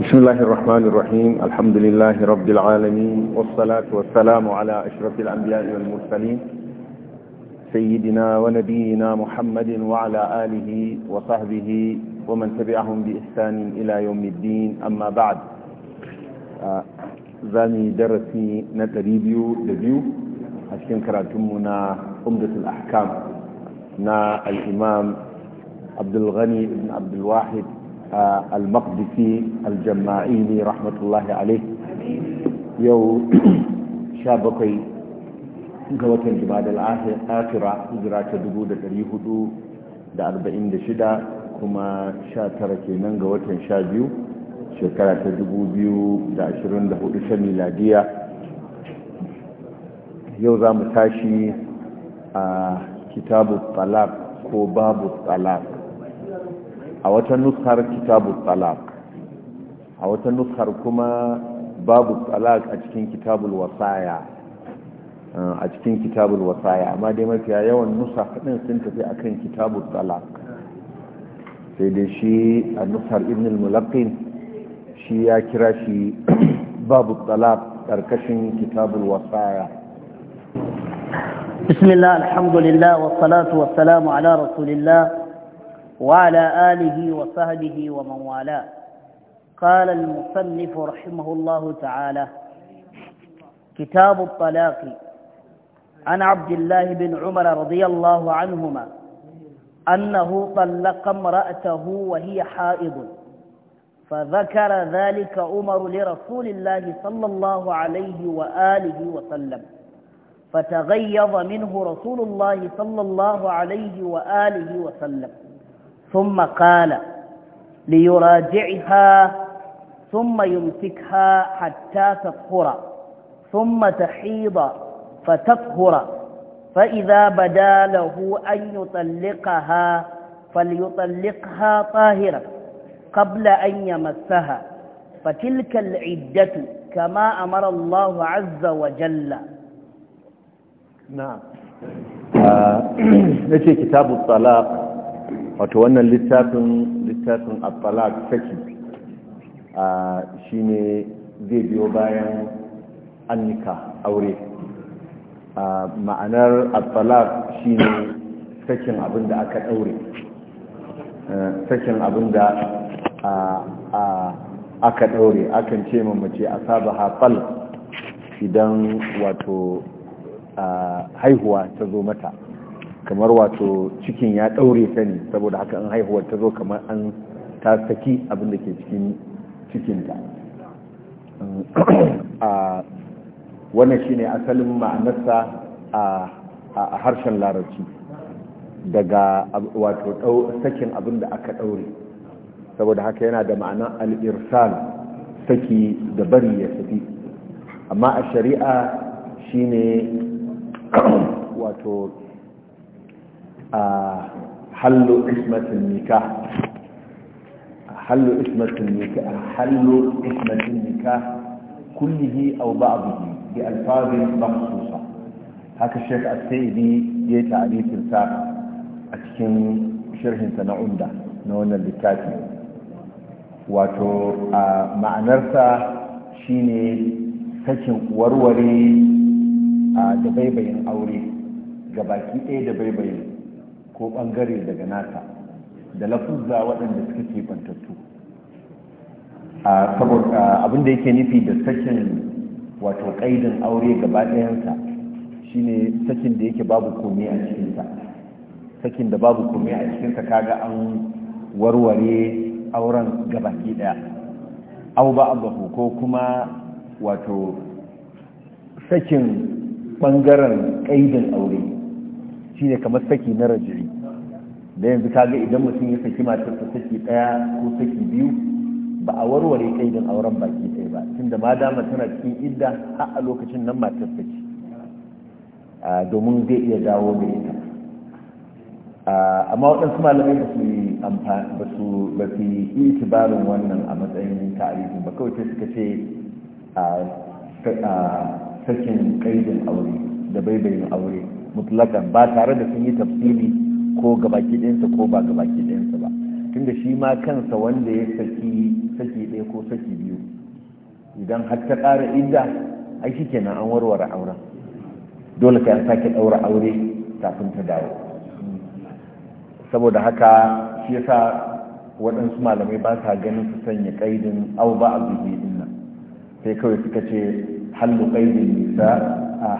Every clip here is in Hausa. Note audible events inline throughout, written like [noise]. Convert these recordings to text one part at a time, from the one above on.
بسم الله الرحمن الرحيم الحمد لله رب العالمين والصلاة والسلام على أشرف الأنبياء والمرسلين سيدنا ونبينا محمد وعلى آله وصحبه ومن تبعهم بإحسان إلى يوم الدين أما بعد زاني درسي نتريبيو لبيو أشكين كراتمنا أمدة الأحكام نا الإمام عبد الغني بن عبد الواحد al-maqdisi al-jama'ini rahmatullahi alaih yau 17 ga watan jimadar akira hijira ta 446 kuma 19 kenan ga watan 12 shekara ta 2024 ta miladiya yau za mu tashi a kitabu talak ko babu talak a wata nuskar kitabu talaq a wata nuskar kuma babu talaq a cikin kitabul wasaya a cikin kitabul wasaya amma dai mafiya yawan nusa din sun tafi akan kitabul talaq sai dai shi a nusar ibn al-mulaqin shi ya kira shi babu talaq karkashin kitabul wasaya بسم الله الحمد لله والصلاة والسلام على رسول الله وعلى آله وصحبه ومن والاه قال المصنف رحمه الله تعالى كتاب الطلاق عن عبد الله بن عمر رضي الله عنهما أنه طلق امرأته وهي حائض فذكر ذلك عمر لرسول الله صلى الله عليه وآله وسلم فتغيظ منه رسول الله صلى الله عليه وآله وسلم ثم قال ليراجعها ثم يمسكها حتى تطهر ثم تحيض فتطهر فإذا بدا له أن يطلقها فليطلقها طاهرة قبل أن يمسها فتلك العدة كما أمر الله عز وجل نعم آه، [clears throat] نشي كتاب الطلاق wato wannan littafin littafin at saki a ne zai biyo bayan annika aure ma'anar at shi ne sakin abin da aka daure sakin abin da aka daure akan ce mamace saba idan wato haihuwa ta zo mata kamar wato cikin ya daure ta ne saboda haka an haihuwar ta zo kamar an ta saki abin da ke cikin cikinta a wannan shine asalin ma'anarsa a harshen larabci daga wato sakin abin da aka daure saboda haka yana da ma'anar al'irsal saki da bari ya tafi amma a shari'a shine wato a hallo ismatin nikah hallo ismatin nikah hallo ismatin nikah kullihi aw ba'dihi bi alfazin makhsusa haka Sheikh Al-Saidi ya yi ta'arifin sa a cikin sharhin sa na umda na wannan littafi wato a ma'anarsa shine sakin warware a da baibayin aure gabaki ɗaya da baibayin ko bangare daga naka da lafuzza waɗanda suka ke bantattu da yake nufi da sakin wato ƙaidin aure gaba ɗayansa shine sakin da yake babu komai a cikinsa sakin da babu komai a cikinsa kaga an warware auren gabaki ɗaya au ba abu ko kuma wato sakin bangaren ƙaidin aure shine kamar saki na rajiri da yanzu kaga idan mutum ya saki matar ta saki daya ko saki biyu ba a warware kaidin auren baki ɗaya ba tunda ma dama tana cikin idda har a lokacin nan matar ta ce domin zai iya dawo da ita amma waɗansu malamai ba su ba yi itibarin wannan a matsayin ta'arifi ba kawai sai suka ce sakin kaidin aure da baibayin aure mutlakan ba tare da sun yi tafsiri ko gabaki ɗinsa ko ba gabaki ɗinsa ba tunda shi ma kansa wanda ya saki saki ɗaya ko saki biyu idan har ta ƙara idda ai shi kenan an warware auren dole ka an sake ɗaura aure kafin ta dawo saboda haka shi yasa waɗansu malamai ba sa ganin su sanya ƙaidin au ba a bibi ɗin nan sai kawai suka ce hallu ƙaidin nisa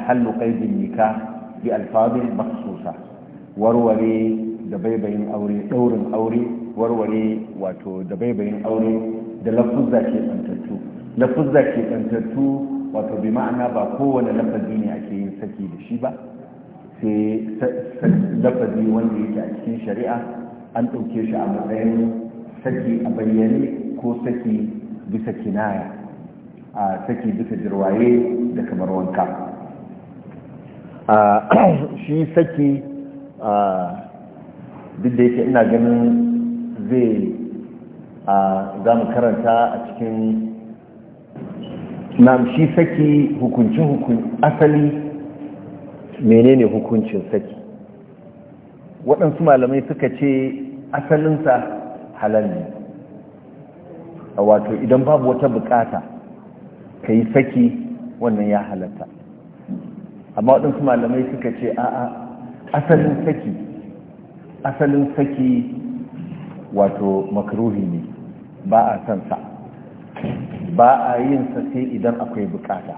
hallu ƙaidin nika bi alfazin maksusa warware da baibayin aure ɗaurin aure warware wato da baibayin aure da lafuzza ke tsantattu lafuzza ke tsantattu wato bi ma'ana ba kowane lafazi ne ake yin saki da shi ba sai lafazi wanda yake a cikin shari'a an ɗauke shi a matsayin saki a bayyane ko saki bisa kinaya a saki bisa jirwaye da kamar wanka shi saki duk da yake ina ganin zai a zamu karanta a cikin nam shi saki hukuncin hukuncin asali menene hukuncin saki waɗansu malamai suka ce asalinsa halal ne a wato idan babu wata bukata ka yi saki wannan ya halatta amma waɗansu malamai suka ce a'a asalin saki asalin saki wato makruhi ne ba a san sa ba a yin sa sai idan akwai bukata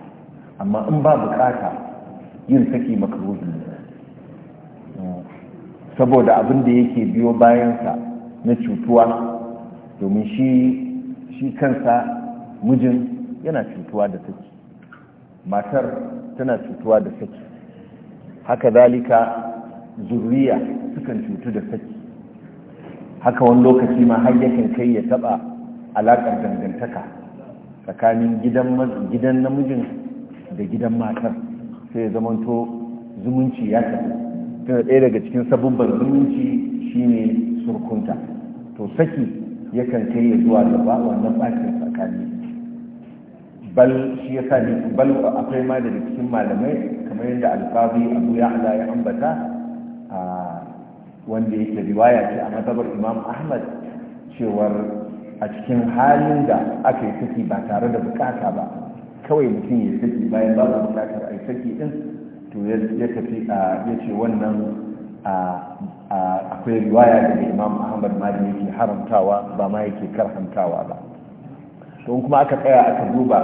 amma in ba bukata yin saki makruhi ne saboda abin da yake biyo bayansa na cutuwa domin shi kansa mijin yana cutuwa da saki matar tana cutuwa da saki haka zalika zurriya sukan cutu da saki haka wani lokaci ma har yakan kai ya taba alakar dangantaka tsakanin gidan gidan namijin da gidan matar sai zamanto zumunci ya tafi tana ɗaya daga cikin sabubban zumunci shine surkunta to saki yakan kai ya zuwa da ba wannan bakin tsakani bal shi yasa ne bal akwai ma da cikin malamai kamar yadda alfabi abu ya ya ambata wanda yake riwaya ce a matsabar imam ahmad cewar a cikin halin da aka yi saki ba tare da bukata ba kawai mutum ya saki bayan babu bukatar a yi saki din to ya tafi a ya ce wannan akwai riwaya daga imam ahmad ma da yake haramtawa ba ma yake karhantawa ba don kuma aka tsaya aka duba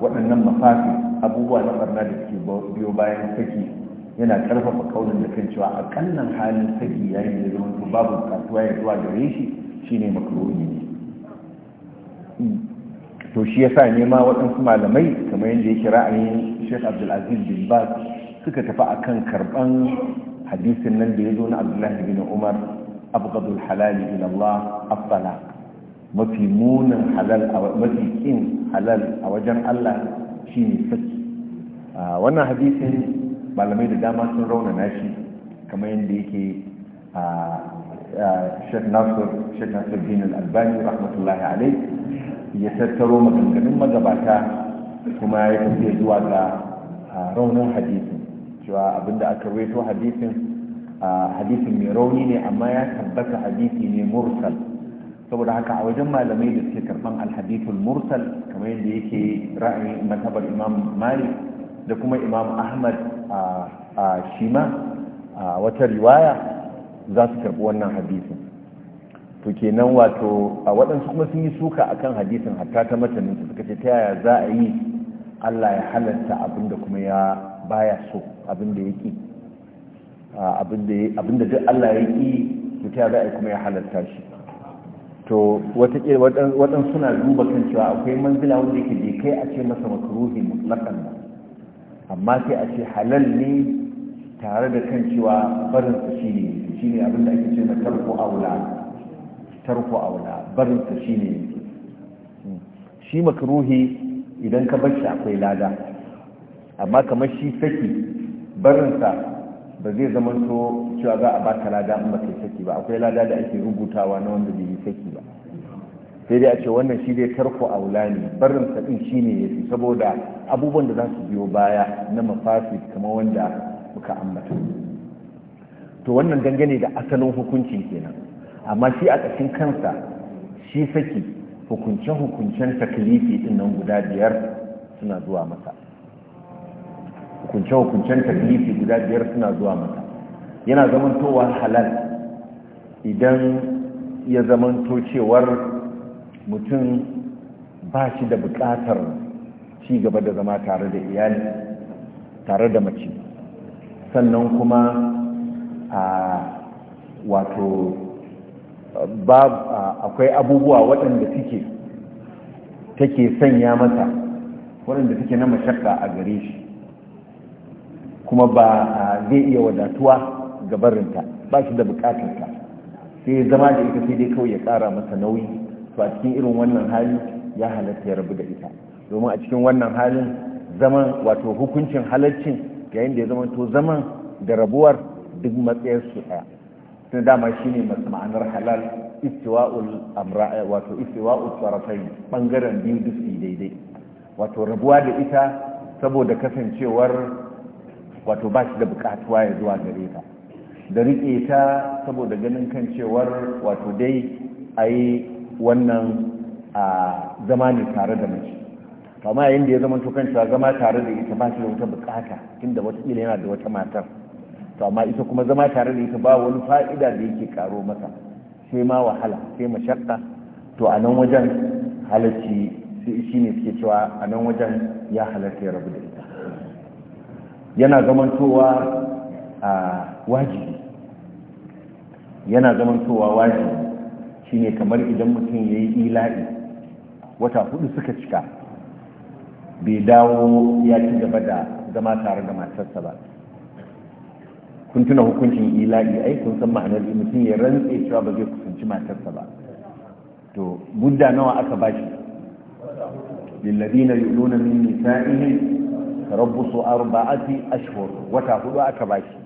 waɗannan mafafi abubuwa na barna da ke biyo bayan saki yana karfafa kaunin da kan cewa a kannan halin saki yayin da zama babu kasuwa ya zuwa gare shi shine makaruhi ne to shi yasa nema waɗansu malamai kamar yadda yake ra'ayin Sheikh Abdulaziz bin ba suka tafi akan karɓan hadisin nan da ya zo na Abdullahi bin Umar abghadul halal ila Allah afsala mafi munin halal mafi kin halal a wajen Allah shine saki wannan hadisin malamai da dama sun raunana shi kamar yadda yake a Sheikh Nasir albani rahmatullahi alai ya tattaro maganganun magabata kuma ya tafi zuwa ga raunin hadisin cewa abinda aka rawaito hadisin hadisin mai rauni ne amma ya tabbata hadisi ne mursal saboda haka a wajen malamai da suke karban alhadithul mursal kamar yadda yake ra'ayin matabar imam malik da kuma imam ahmad a shima a wata riwaya za su karɓi wannan hadisin to kenan wato a waɗansu kuma sun yi suka akan hadisin hatta ta matanin su suka ce ta yaya za a yi Allah ya halarta abin da kuma ya baya so abin da ya ƙi abin da duk Allah ya ƙi to ta yaya za a yi kuma ya halarta shi to waɗansu suna duba kan cewa akwai manzila wanda yake je kai a ce masa makaruhi mutlakan nan amma sai a ce halal ne tare da kan cewa barin su ne shi abin da ake ce na tarko aula tarko aula barin su ne hmm. shi makruhi idan ka bar shi akwai lada amma kamar shi saki barinsa ba zai zama to cewa za a baka lada in ba kai saki ba akwai lada da ake rubutawa na wanda bai yi saki ba sai dai a ce wannan shi dai tarko aula ne barin sadin shi ne ya fi saboda abubuwan da za su biyo baya na mafafi kama wanda muka ambata to wannan dangane da asalin hukuncin kenan amma shi a ƙashin kansa shi saki hukuncen hukuncen taklifi ɗin nan guda biyar suna zuwa masa hukuncen hukuncen taklifi guda biyar suna zuwa masa yana zamantowa halal idan ya zamanto cewar mutum ba shi da buƙatar ci gaba da zama tare da iyali tare da mace sannan kuma a wato akwai abubuwa waɗanda suke take sanya mata waɗanda suke na mashakka a gare shi kuma ba zai iya wadatuwa gabarinta ba shi da bukatarta sai zama da ita sai dai kawai ya ƙara masa nauyi to a cikin irin wannan hali ya halatta ya rabu da ita domin a cikin wannan halin zaman wato hukuncin halaccin yayin da ya zama to zaman da rabuwar duk matsayarsu ɗaya tun dama shi ne ma'anar halal istiwa'ul amra wato istiwa'ul tsarafai ɓangaren biyu duk su daidai wato rabuwa da ita saboda kasancewar wato ba shi da buƙatuwa ya zuwa gare ta da riƙe ta saboda ganin kan cewar wato dai a yi wannan zama ne tare da mace kama yayin da ya zama tukan cewa zama tare da ita ba shi da wata bukata tunda watakila yana da wata matar to amma ita kuma zama tare da ita ba wani fa'ida da yake karo masa sai ma wahala sai mashakka to a nan wajen halarci shi ne suke cewa a nan wajen ya halarta ya rabu da ita yana towa a wajibi yana zamantowa wajibi shine kamar idan mutum ya yi ila'i wata hudu suka cika bai dawo ya ci gaba da zama tare da matarsa ba kun tuna hukuncin ila'i ai kun san ma'anar mutum ya rantse cewa ba zai kusanci matarsa ba to mudda nawa aka bashi lilladina yuluna min nisa'ihim tarabbusu arba'ati ashhur wata hudu aka bashi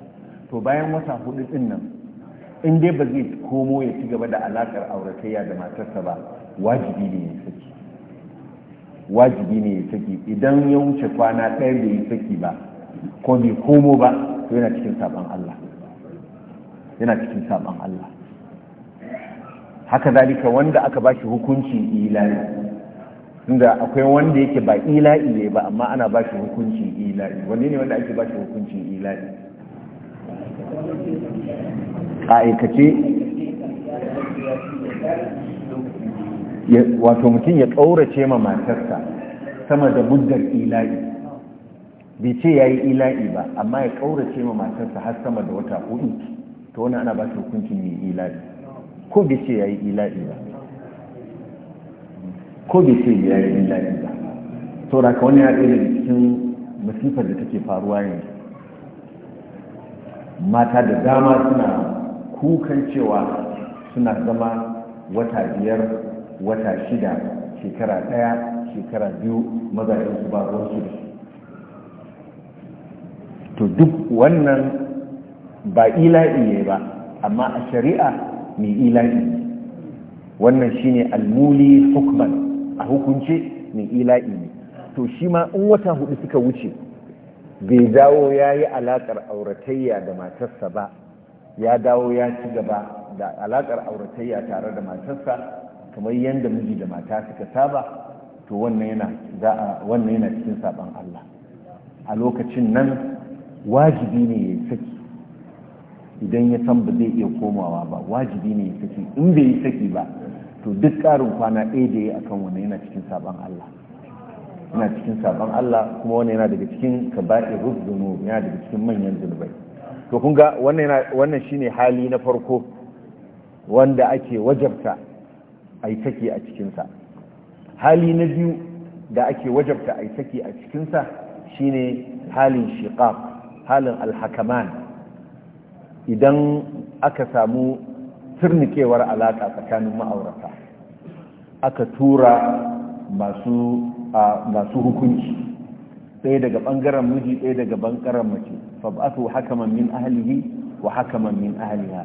to bayan wata hudu din nan in dai ba zai komo ya ci gaba da alakar auratayya da matarsa ba wajibi ne ya saki wajibi ne ya saki idan ya wuce kwana ɗaya bai yi saki ba ko bai komo ba to yana cikin saban Allah yana cikin saban Allah haka zalika wanda aka ba shi hukuncin ilayi, inda akwai wanda yake ba ila'i ne ba amma ana ba shi hukuncin ila'i wanne ne wanda ake ba shi hukuncin ila'i a wato mutum ya ƙaurace ma matarsa sama da muddar ila'i bai ce ya yi ila'i ba amma ya ƙaurace ma matarsa har sama da wata hudu ta wani ana ba su hukuncin mai ila'i ko bai ce ya yi ila'i ba ko bai ce ya yi ila'i ba ka wani ya ɗaya da cikin masifar da take faruwa yanzu mata da dama suna kukan cewa suna zama wata biyar wata shida shekara ɗaya shekara biyu su ba ruwansu su to duk wannan ba ila'i ne ba amma a shari'a mai ila'i wannan shine almuli hukman a hukunce mai ila'i ne to shi ma in wata hudu suka wuce bai dawo ya yi alaƙar auratayya da matarsa ba ya dawo ya ci gaba da alaƙar auratayya tare da matarsa kamar yadda miji da mata suka saba to wannan yana cikin saban Allah a lokacin nan wajibi ne ya saki idan ya san ba zai iya komawa ba wajibi ne ya saki in bai yi saki ba to duk ƙarin kwana ɗaya da ya akan wannan yana cikin saban Allah yana cikin sabon Allah kuma wannan yana daga cikin kaba'i ruzunu yana daga cikin manyan zunubai to kun ga wannan wannan shine hali na farko wanda ake wajabta ai saki a cikin sa hali na biyu da ake wajabta ai saki a cikin sa shine halin shiqaq halin alhakaman idan aka samu turnikewar alaka tsakanin ma'aurata aka tura masu a masu hukunci ɗaya daga ɓangaren miji ɗaya daga ɓangaren mace fab'atu hakaman min ahlihi wa hakaman min ahliha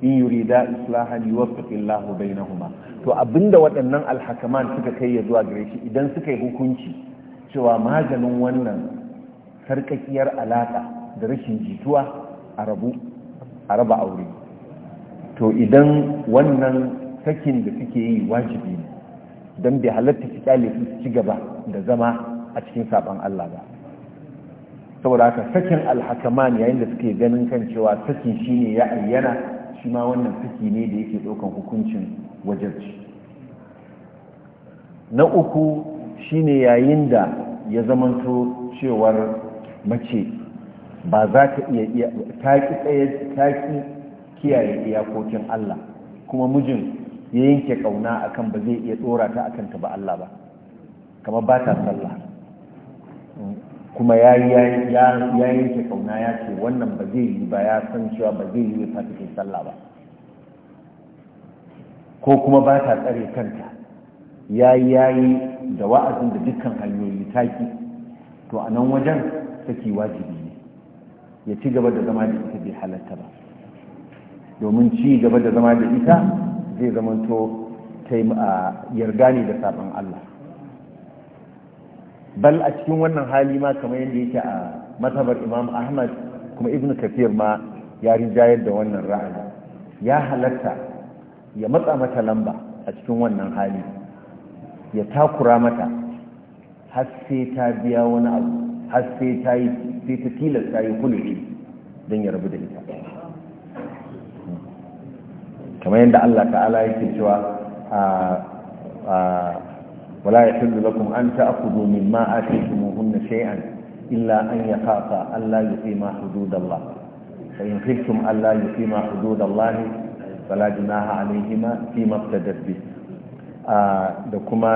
in yurida islahan yuwaffiqillahu bainahuma to abinda waɗannan alhakaman suka kai ya zuwa gare shi idan suka yi hukunci cewa maganin wannan sarkakiyar alaka da rashin jituwa a rabu a raba aure to idan wannan sakin da suke yi wajibi ne don bai halatta su kyale su ci gaba da zama a cikin sabon Allah ba saboda haka sakin alhakaman yayin da suke ganin kan cewa sakin shi ne ya ayyana shi ma wannan saki ne da yake ɗaukan hukuncin wajarci na uku shi ne yayin da ya zamanto cewar mace ba za ta iya taƙi kiyaye iyakokin Allah kuma mijin ya yanke kauna akan ba zai iya tsora ta akan ta ba Allah ba kamar ba ta sallah kuma ya yanke kauna ya ce wannan ba zai yi ba ya san cewa ba zai yi ta cikin sallah ba ko kuma ba ta tsare kanta ya yi ya yi da wa'azin da dukkan hanyoyi ta ki to a nan wajen saki wajibi ne ya ci gaba da zama da ita bai halatta ba domin ci gaba da zama da ita zai zamanto yarda ne da sabon Allah bal a cikin wannan hali ma kamar yadda yake a matabar imam ahmad kuma ibn kafir ma ya rinjayar da wannan ra'ayi ya halatta ya matsa mata lamba a cikin wannan hali ya takura mata har sai ta biya wani abu har sai ta yi sai ta tilasta yi kulli don ya rabu da ita kamar yadda Allah ta'ala yake cewa wala ya yahillu lakum an ma ta'khudhu mimma ataytumuhunna shay'an illa an ya Ya kafa, Allah yakhafa alla yuqima hududallah fa in Allah Ya ma khiftum alla yuqima hududallah fala junaha alayhima fima ibtadat bi da kuma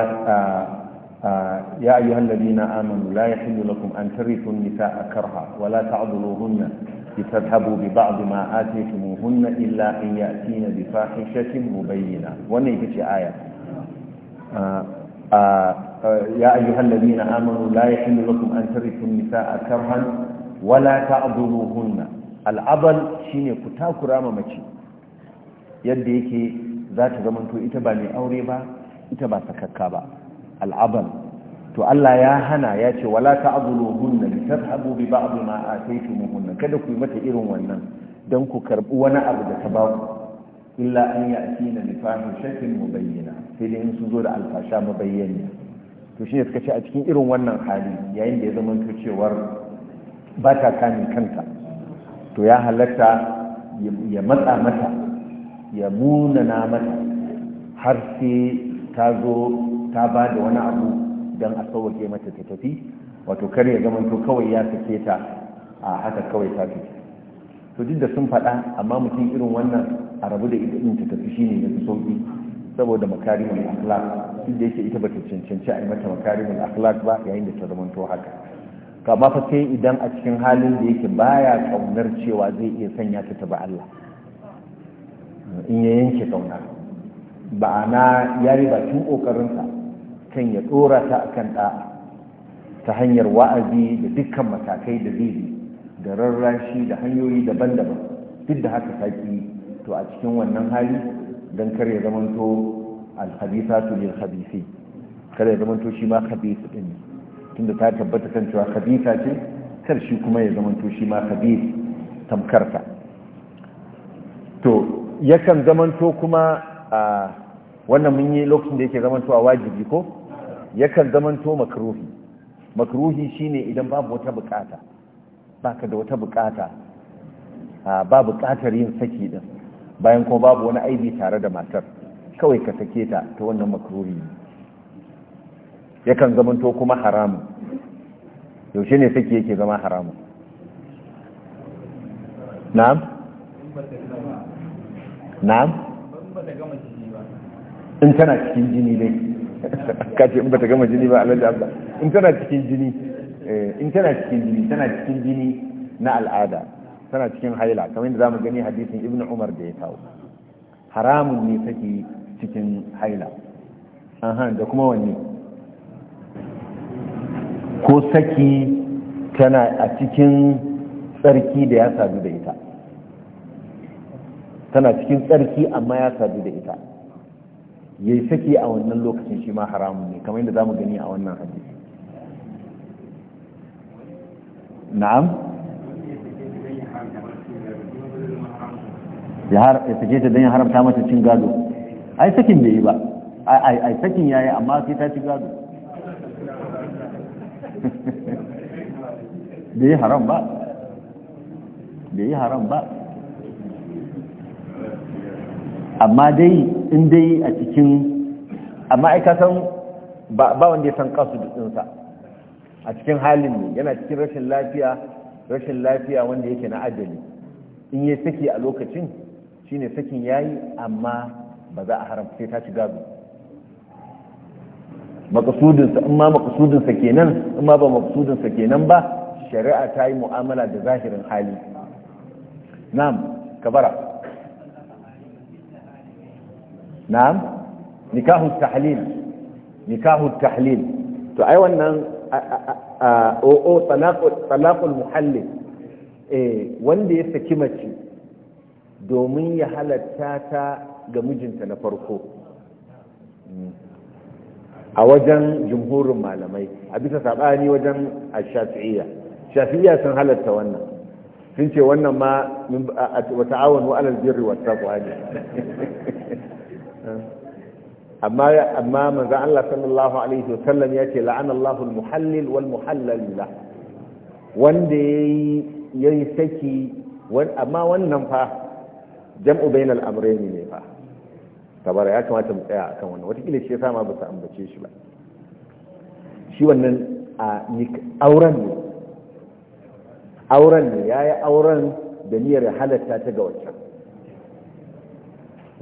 ya ayyuhal ladina amanu la yahillu lakum an tarithu an a karha wala ta'dhuluhunna litazhabu bi ba'd ma atiyakumuhunna illa an ya'tina bi fahishatin mubayyinah wannan yace aya ya ayyuhallazina na la yahillu lakum an tarithu nisaa'a karhan wala ta'dhuluhunna al'adl shine ku takura ma mace yadda yake za ta zama ita ba ne aure ba ita ba sakakka ba al'adl to Allah ya hana ya ce wala ta'dhuluhunna litadhhabu bi ba'd ma ataytumuhunna kada ku yi mata irin wannan dan ku karbi wani abu da ta ba ku illa an ya'tina bi fahishatin mubayyana sai dai in sun zo da alfasha mubayyana to shine suka ce a cikin irin wannan hali yayin da ya zama to cewar ba ta kamin kanta to ya halatta ya matsa mata ya munana mata har sai ta zo ta ba da wani abu don a sauwake mata ta tafi wato kar ya gamanto kawai ya sake ta a haka kawai ta fi to duk da sun faɗa amma mutum irin wannan a rabu da ita ta tafi shine ya fi sauƙi saboda makarimul akhlaq duk da yake ita bata cancanci a yi mata makarimul akhlaq ba yayin da ta zamanto haka to amma fa sai idan a cikin halin da yake baya kaunar cewa zai iya sanya ta ba Allah in ya yanke kauna ba'ana ya riba tun kokarinsa. kan ya dora ta akan ɗa'a ta hanyar wa'azi da dukkan matakai da zai da rarrashi da hanyoyi daban-daban duk da haka saki to a cikin wannan hali don kar ya alhabisa su lil khabisi kare ya zamanto shi ma khabis din tunda ta tabbata kan cewa habisa ce kar shi kuma ya zamanto shi ma khabis tamkarta to yakan zamanto kuma a wannan mun yi lokacin da yake zamanto a wajibi ko yakan zamanto makruhi makruhi shine idan babu wata bukata baka da wata bukata ba bukatar yin saki din bayan kuma babu wani aibi tare da matar kawai ka sake ta ta wannan makruhi yakan zamanto kuma haramun yaushe ne saki yake zama haramun na'am na'am in tana cikin jini dai ka ce in ba ta gama jini ba alhaji Allah in tana cikin jini eh, in tana cikin jini tana cikin jini na al'ada tana cikin haila kamar yadda zamu gani hadisin ibnu umar da ya kawo haramun ne take cikin haila aha da kuma wanne ko saki tana a cikin tsarki da ya sadu da ita tana cikin tsarki amma ya sadu da ita ya yi saki a wannan lokacin shi ma haramun ne kamar yadda za mu gani a wannan hadisi na'am ya sake ta don ya haramta mata cin gado ai sakin bai yi ba ai sakin ya yi amma sai ta ci gado [laughs] bai yi haram ba bai yi haram ba amma dai in dai a cikin amma ai san ba wanda ya san kasu dinsa a cikin halin ne yana cikin rashin lafiya rashin lafiya wanda yake na ajali in yi saki a lokacin shi ne sakin ya yi amma ba za a haramta ta ci gado makasudinsa in ma makasudinsa kenan in ma ba makasudinsa kenan ba shari'a ta yi mu'amala da zahirin hali na'am kabara na'am nikahu tahlil nikahu tahlil to ai wannan o o talaqul muhallil eh wanda ya saki mace domin ya halatta ta ga mijinta na farko hmm. a wajen jumhurin malamai a bisa saɓani wajen shafi'iyya shafi'iyya sun halatta wannan sun ce wannan ma wata awon wa'alar birri wata kwa ne [laughs] amma amma manzo Allah sallallahu alaihi wasallam ya ce la'ana Allahu al-muhallil wal muhallal la wanda yayi yayi saki amma wannan fa jam'u bainal amrayn ne fa tabara ya kamata mu tsaya akan wannan wata kila shi yasa ma ba ta ambace shi ba shi wannan a auren ne auren ne ya yi auren da niyyar halatta ta ga wancan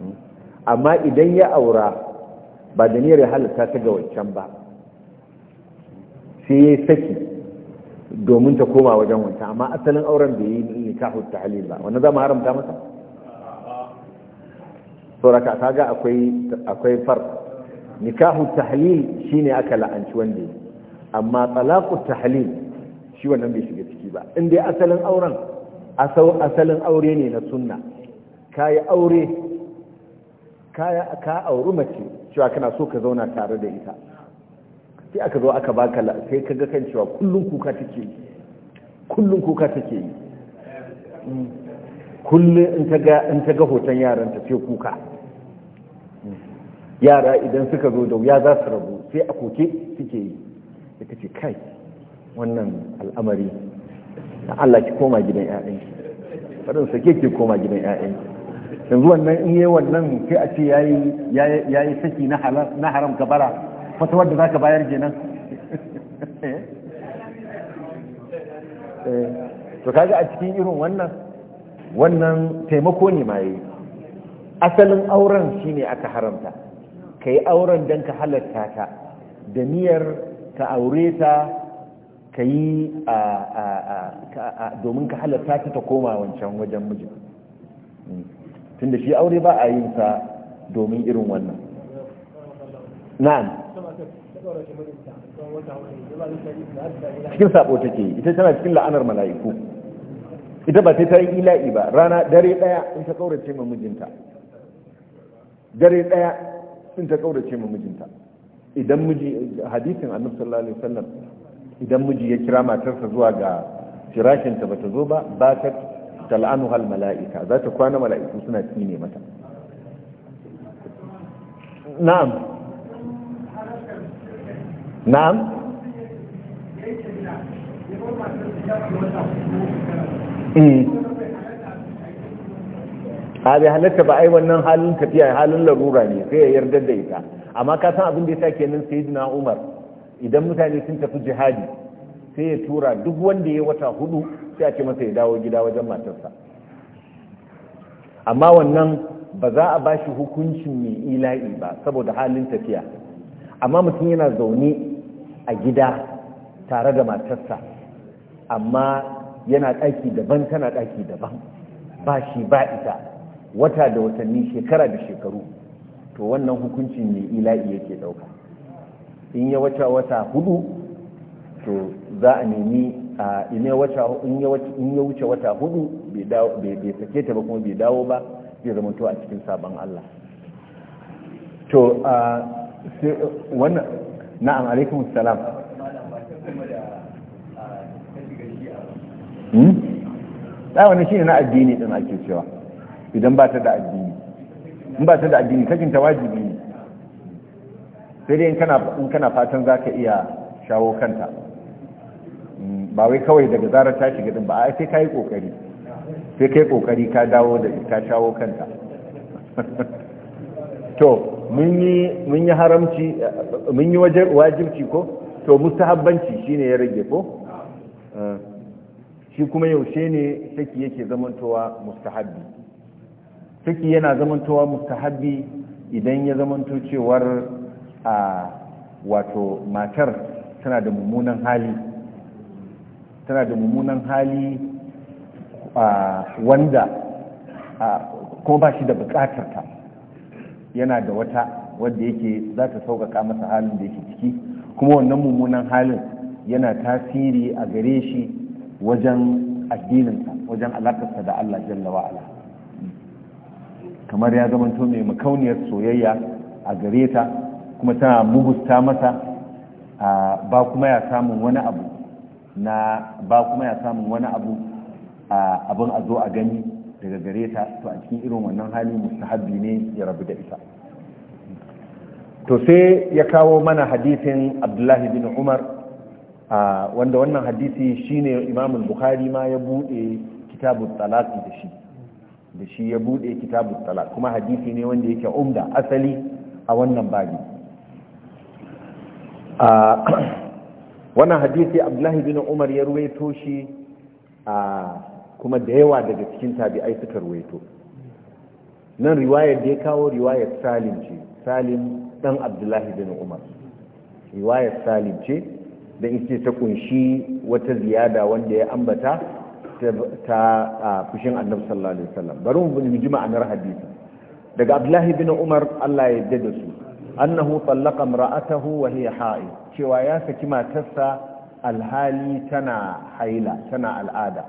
hmm? amma idan ya aura ba da niyyar halitta ta ga wancan ba sai ya saki domin ta koma wajen wancan amma asalin auren da yi ni ta halil ba za mu haramta masa sauraka ta akwai akwai far nikahu tahlil shine aka la'anci wanda yi amma talaqu tahlil shi wannan bai shiga ciki ba inda asalin auren asalin aure ne na sunna yi aure kaya ka auri mace cewa kana so ka zauna tare da ita sai aka zo aka baka sai ka ga kan cewa kullun kuka take yi kullun kuka take yi mm. kullun in ta ga in ta ga hoton yaran ta sai kuka mm. yara idan suka zo da wuya za su rabu sai a koke suke yi da kace kai wannan al'amari na Allah ki koma gidan ƴaƴanki farin sake ki koma gidan ƴaƴanki yanzu wannan in yayi wannan sai a ce yayi yayi saki na halal na haram kabara fata wanda zaka bayar kenan eh, to kaga a cikin irin wannan wannan taimako ne ma asalin auren shine aka haramta kai auren dan ka halatta ta da niyyar ka aure ta kayi a domin ka halatta ta ta koma wancan wajen mijin hmm. tunda shi aure ba a yin sa domin irin wannan na'am cikin sabo take ita tana cikin la'anar mala'iku ita ba sai ta yi ila'i ba rana dare daya in ta kaurace ma mijinta dare daya in ta kaurace ma mijinta idan miji hadisin annabi sallallahu alaihi wasallam idan miji ya kira matarsa zuwa ga firashinta bata zo ba ba ta tal'anu hal mala'ika za ta kwana mala'iku suna tsine mata na'am na'am eh. a bai halatta ba ai wannan halin tafiya halin larura ne sai ya yarda da ita amma ka san abin da ya sa kenan sayyidina umar idan mutane sun tafi jihadi sai ya tura duk wanda ya wata hudu sai a ce masa ya dawo gida wajen matarsa amma wannan ba za a bashi hukuncin mai ila'i ba saboda halin tafiya amma mutum yana zaune a gida tare da matarsa amma yana ɗaki daban tana ɗaki daban ba shi ba ita wata da watanni shekara da shekaru to wannan hukuncin mai ila'i yake ɗauka in ya wata wata hudu to za a nemi in ya wuce wata hudu bai sake ta ba kuma bai dawo ba zai zama to a cikin sabon Allah to wannan na'am alaikum salam hmm? wani shi ne na addini din ake cewa idan ba ta da addini in ba ta da addini ta wajibi ne sai dai in kana fatan za ka iya shawo kanta ba wai kawai daga zarar ta shiga din ba a sai ka yi kokari sai ka kokari ka dawo da ka shawo kanta [laughs] to mun yi haramci mun yi wajibci ko to mustahabbanci shine ya rage ko eh, shi kuma yaushe ne saki yake zamantowa mustahabbi saki yana zamantowa mustahabbi idan ya zamanto cewar a wato matar tana da mummunan hali tana da mummunan hali wanda ko ba shi da bukatarta yana da wata wanda yake za ta sauƙaƙa masa halin da yake ciki kuma wannan mummunan halin yana tasiri a gare shi wajen addininsa wajen alaƙarsa da Allah jalla wa'ala kamar ya zamanto mai makauniyar soyayya a gare ta kuma tana mugusta masa ba kuma ya samun wani abu na ba kuma ya samun wani abu abin a zo a gani daga gare ta to a cikin irin wannan hali mustahabbi ne ya rabu da ita to sai ya kawo mana hadisin abdullahi bin umar wanda wannan hadisi shine imamul bukhari ma ya bude kitabun talaki da shi da shi ya bude kitabun talak kuma hadisi ne wanda yake umda asali a wannan babi wannan hadisi abdullahi bin umar ya ruwaito shi a kuma da yawa daga cikin tabi'ai suka ruwaito nan riwayar da ya kawo riwayar salim ce salim dan abdullahi bin umar riwayar salim ce da ita ta kunshi wata ziyada wanda ya ambata ta fushin annabi sallallahu alaihi wasallam bari mu ji ma'anar hadisi daga abdullahi bin umar Allah ya yarda da su annahu tallaqa imra'atahu wa hiya ha'id cewa ya saki matarsa alhali tana haila tana al'ada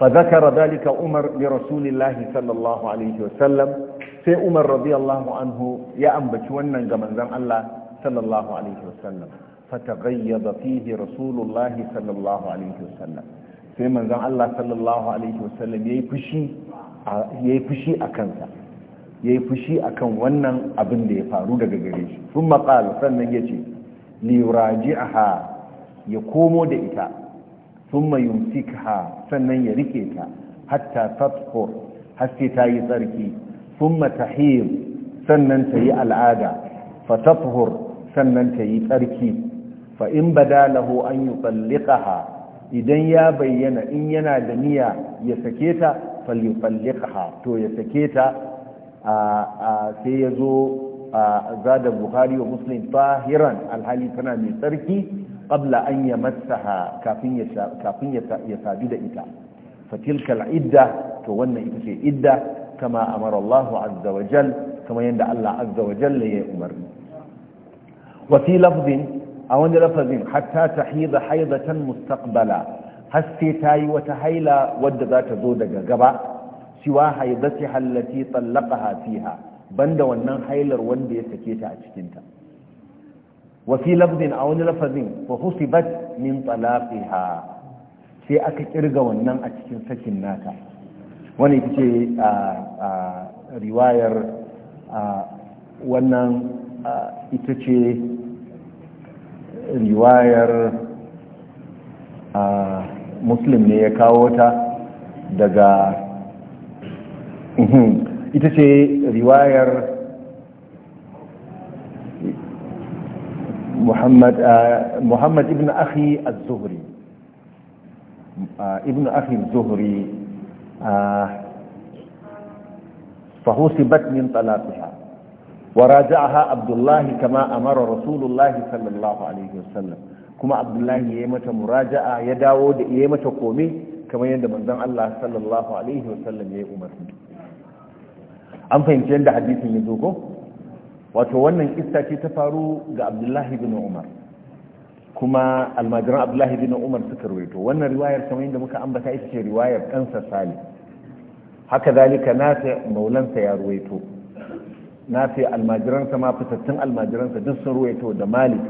fa zakara dalika umar li rasulillahi sallallahu alaihi sallam sai umar radiyallahu anhu ya ambaci wannan ga manzon Allah sallallahu alaihi wasallam fataghayyada fihi rasulullahi sallallahu alaihi sallam sai manzon Allah sallallahu alaihi wasallam yayi fushi yayi fushi a kansa ya fushi a kan wannan abin da ya faru daga gare shi sun maƙal sannan ya ce liraji aha ya komo da ita sun mayumsik ha sannan ya rike ta hatta tasfor haske ta yi tsarki sun tahir sannan ta yi al'ada fatafhur sannan ta yi tsarki fa in bada lahu an yi tsallika ha idan ya bayyana in yana da niyya ya sake ta falyutsallika ha to ya sake ta sai ya zo zada buhari wa muslim fahiran alhali tana mai tsarki ƙabla an ya matsaha kafin ya sadu da ita fatilkar idda to wannan ita ce idda kama amara Allah azza wa jal kama yanda Allah azza wa jalla ya umarni wasi fi a wani lafazin hatta tahida haizatan mustaqbala haske ta yi wata haila wadda za ta zo daga gaba siwa haidati hallati tsallaka fiha banda wannan hailar wanda ya sake ta a cikinta wa fi lafzin a wani lafazin fa bat min talaqiha sai aka kirga wannan a cikin sakin nata wani ita ce a riwayar wannan ita ce riwayar muslim ne ya kawo ta daga ita ce riwayar muhammad ibn akhi az-zuhri ibn akhi az-zuhri فحسبت من طلاقها وراجعها عبد الله كما أمر رسول الله صلى الله عليه وسلم كما عبد الله يمت مراجعة يداود يمت قومي كما يند من ذن الله صلى الله عليه وسلم يأمرني an fahimci yadda hadisin ya zo ko wato wannan kissa ce ta faru ga abdullahi bin umar kuma almajiran abdullahi bin umar suka rawaito wannan riwayar kamar yadda muka ambata ita ce riwayar kansa sali haka zalika nafi maulansa ya rawaito nafi almajiransa ma fitattun almajiran sa duk sun rawaito da malik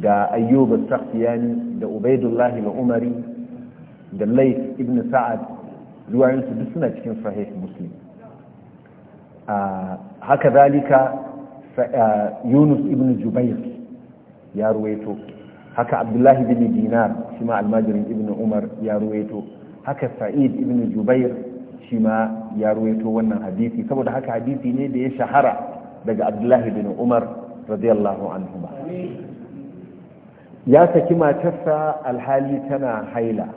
da ayyuba sakhtiyani da ubaidullahi bin umari da laif ibn sa'ad su duk suna cikin sahih muslim haka zalika yunus ibn jubair ya ruwaito haka abdullahi bin dinar shi ma almajirin ibn umar ya ruwaito haka sa'id ibn jubair shi ma ya ruwaito wannan hadisi saboda haka hadisi ne da ya shahara daga abdullahi bin umar radiyallahu anhu ya saki matarsa alhali tana haila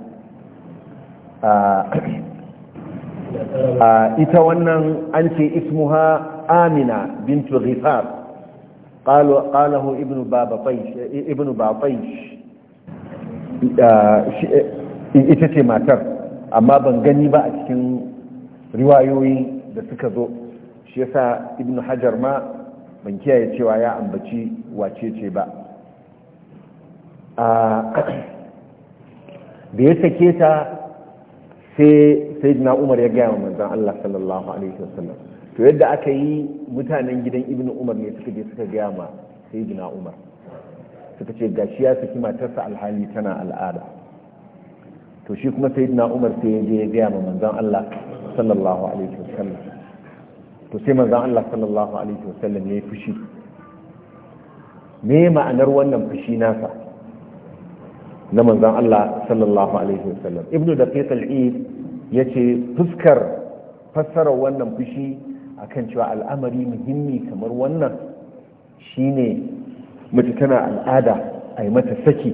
ita wannan an ce ismuha amina bintu rifar qalahu ibnu babataish ita ce matar amma ban gani ba a cikin riwayoyi da suka zo shi yasa ibnu hajar ma ban kiyaye cewa ya ambaci wace ce ba da ya sake ta sai sayyidina umar ya gaya wa manzon Allah sallallahu alaihi wasallam to yadda aka yi mutanen gidan ibnu umar ne suka je suka gaya ma sayyidina umar suka ce gashi ya saki matarsa alhali tana al'ada to shi kuma sayyidina umar sai ya je ya gaya ma manzon Allah sallallahu alaihi wasallam to sai manzon Allah sallallahu alaihi wasallam ya yi fushi me ma'anar wannan fushi nasa na manzon Allah sallallahu alaihi wasallam ibnu daqiq al-eid ya ce fuskar fassarar wannan fushi akan cewa al'amari muhimmi kamar wannan shine mace tana al'ada a yi mata saki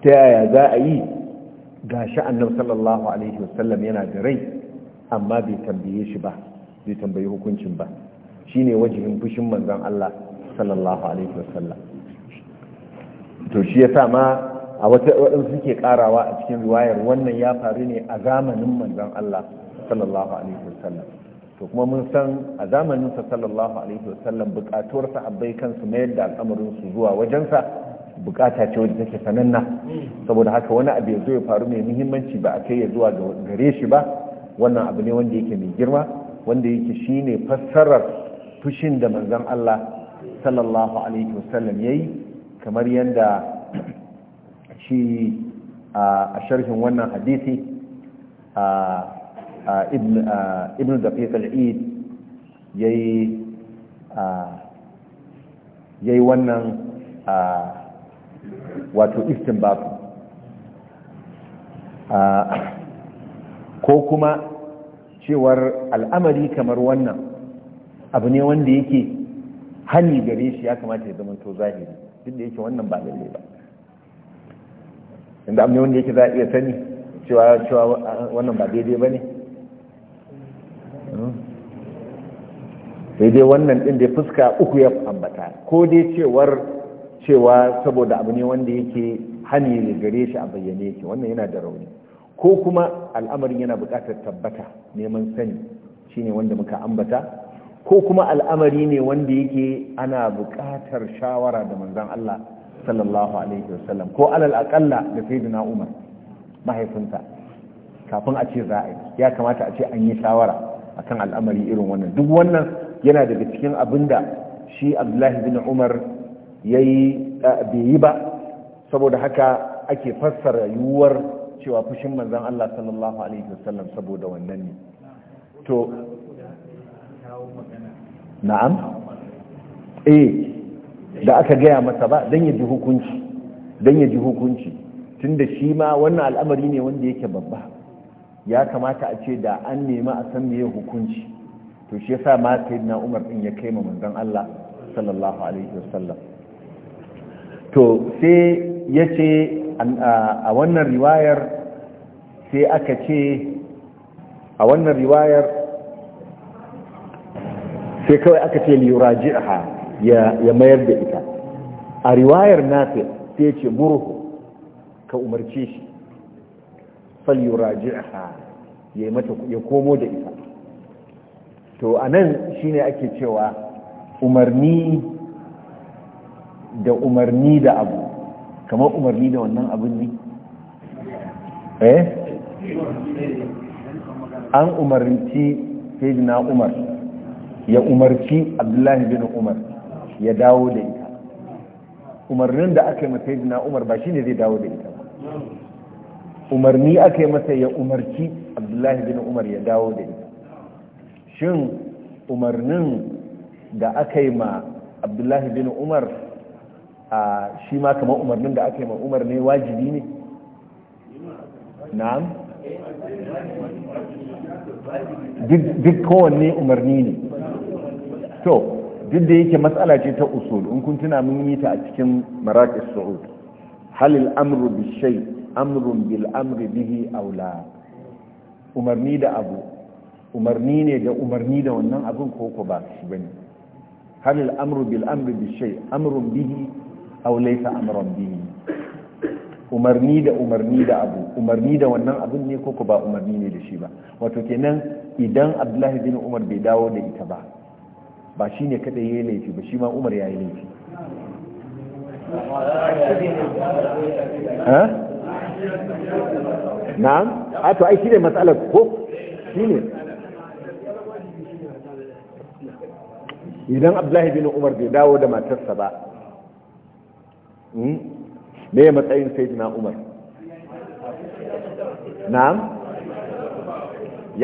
ta yaya za a yi ga sha'annan sallallahu alaihi wasallam yana da rai amma bai tambaye shi ba bai tambayi hukuncin ba shine wajibin fushin manzon Allah sallallahu alaihi wasallam to shi ya sa ma a wata waɗansu suke ƙarawa a cikin riwayar wannan ya faru ne a zamanin manzon Allah sallallahu alaihi wasallam to kuma mun san a zamanin sa sallallahu alaihi wasallam buƙatuwar sahabbai kansu mayar da al'amarin su zuwa wajensa bukata ce wadda take sananna saboda haka wani abu ya zo ya faru mai muhimmanci ba a kai ya zuwa gare shi ba wannan abu ne wanda yake mai girma wanda yake shine fassarar fushin da manzon Allah sallallahu alaihi wasallam yayi kamar yadda shi a sharhin wannan hadisi ibn dafiq al'id ya yi wannan wato istin ko kuma cewar al'amari kamar wannan abu ne wanda yake hani gare shi ya kamata ya zama to zahiri duk da yake wannan ba lalle ba inda amma wanda yake za a iya sani cewa cewa wannan ba daidai ba ne daidai wannan ɗin da fuska uku ya ambata ko dai cewar cewa saboda abu ne wanda yake hani ne gare shi a bayyane yake wannan yana da rauni ko kuma al'amarin yana buƙatar tabbata neman sani shine wanda muka ambata ko kuma al'amari ne wanda yake ana buƙatar shawara da manzan Allah sallallahu alaihi wasallam ko alal akalla da sayyidina umar mahaifinsa kafin a ce za'a ya kamata a ce an yi shawara akan al'amari irin wannan duk wannan yana daga cikin abinda shi abdullahi bin umar yayi bai yi ba saboda haka ake fassara yiwuwar cewa fushin manzan Allah sallallahu alaihi wasallam saboda wannan ne to na'am eh da aka gaya masa ba don ya ji hukunci don ya ji hukunci tun da shi ma wannan al'amari ne wanda yake babba ya kamata a ce da an nemi a san meye hukunci to shi yasa ma na Umar din ya kai ma manzon Allah sallallahu alaihi wasallam to sai ya ce a wannan riwayar sai aka ce a wannan riwayar sai kawai aka ce liyuraji'ha ya mayar da ita a riwayar nafi sai ce murhu ka umarce shi falyuraji'aha ya mata ya komo da ita to a nan shine ake cewa umarni da umarni da abu kamar umarni da wannan abin ne eh an umarci na umar ya umarci abdullahi bin umar ya dawo da ita umarnin da aka yi masa na umar ba shine zai dawo da ita umarni aka yi masa ya umarci abdullahi bin umar ya dawo da ita shin umarnin da aka yi ma abdullahi bin umar a shi ma kamar umarnin da aka yi ma umar ne wajibi ne na'am duk kowanne umarni ne to duk da yake matsala ce ta usul in kun tuna mun yi ta a cikin maraqis su'ud hal al-amru bi shay amrun bil amri bihi aw la umarni da abu umarni ne da umarni da wannan abin ko ko ba shi bane hal al-amru bil amri bi shay amrun bihi aw laysa amran bihi umarni da umarni da abu umarni da wannan abin ne ko ko ba umarni ne da shi ba wato kenan idan abdullahi bin umar bai dawo da ita ba ba shi ne kada ya yi laifi ba shi ma umar ya yi laifi na'am a to ai shi ne matsalar ko shi ne idan abdullahi bin umar bai dawo da matarsa ba hmm? me ya matsayin na umar na'am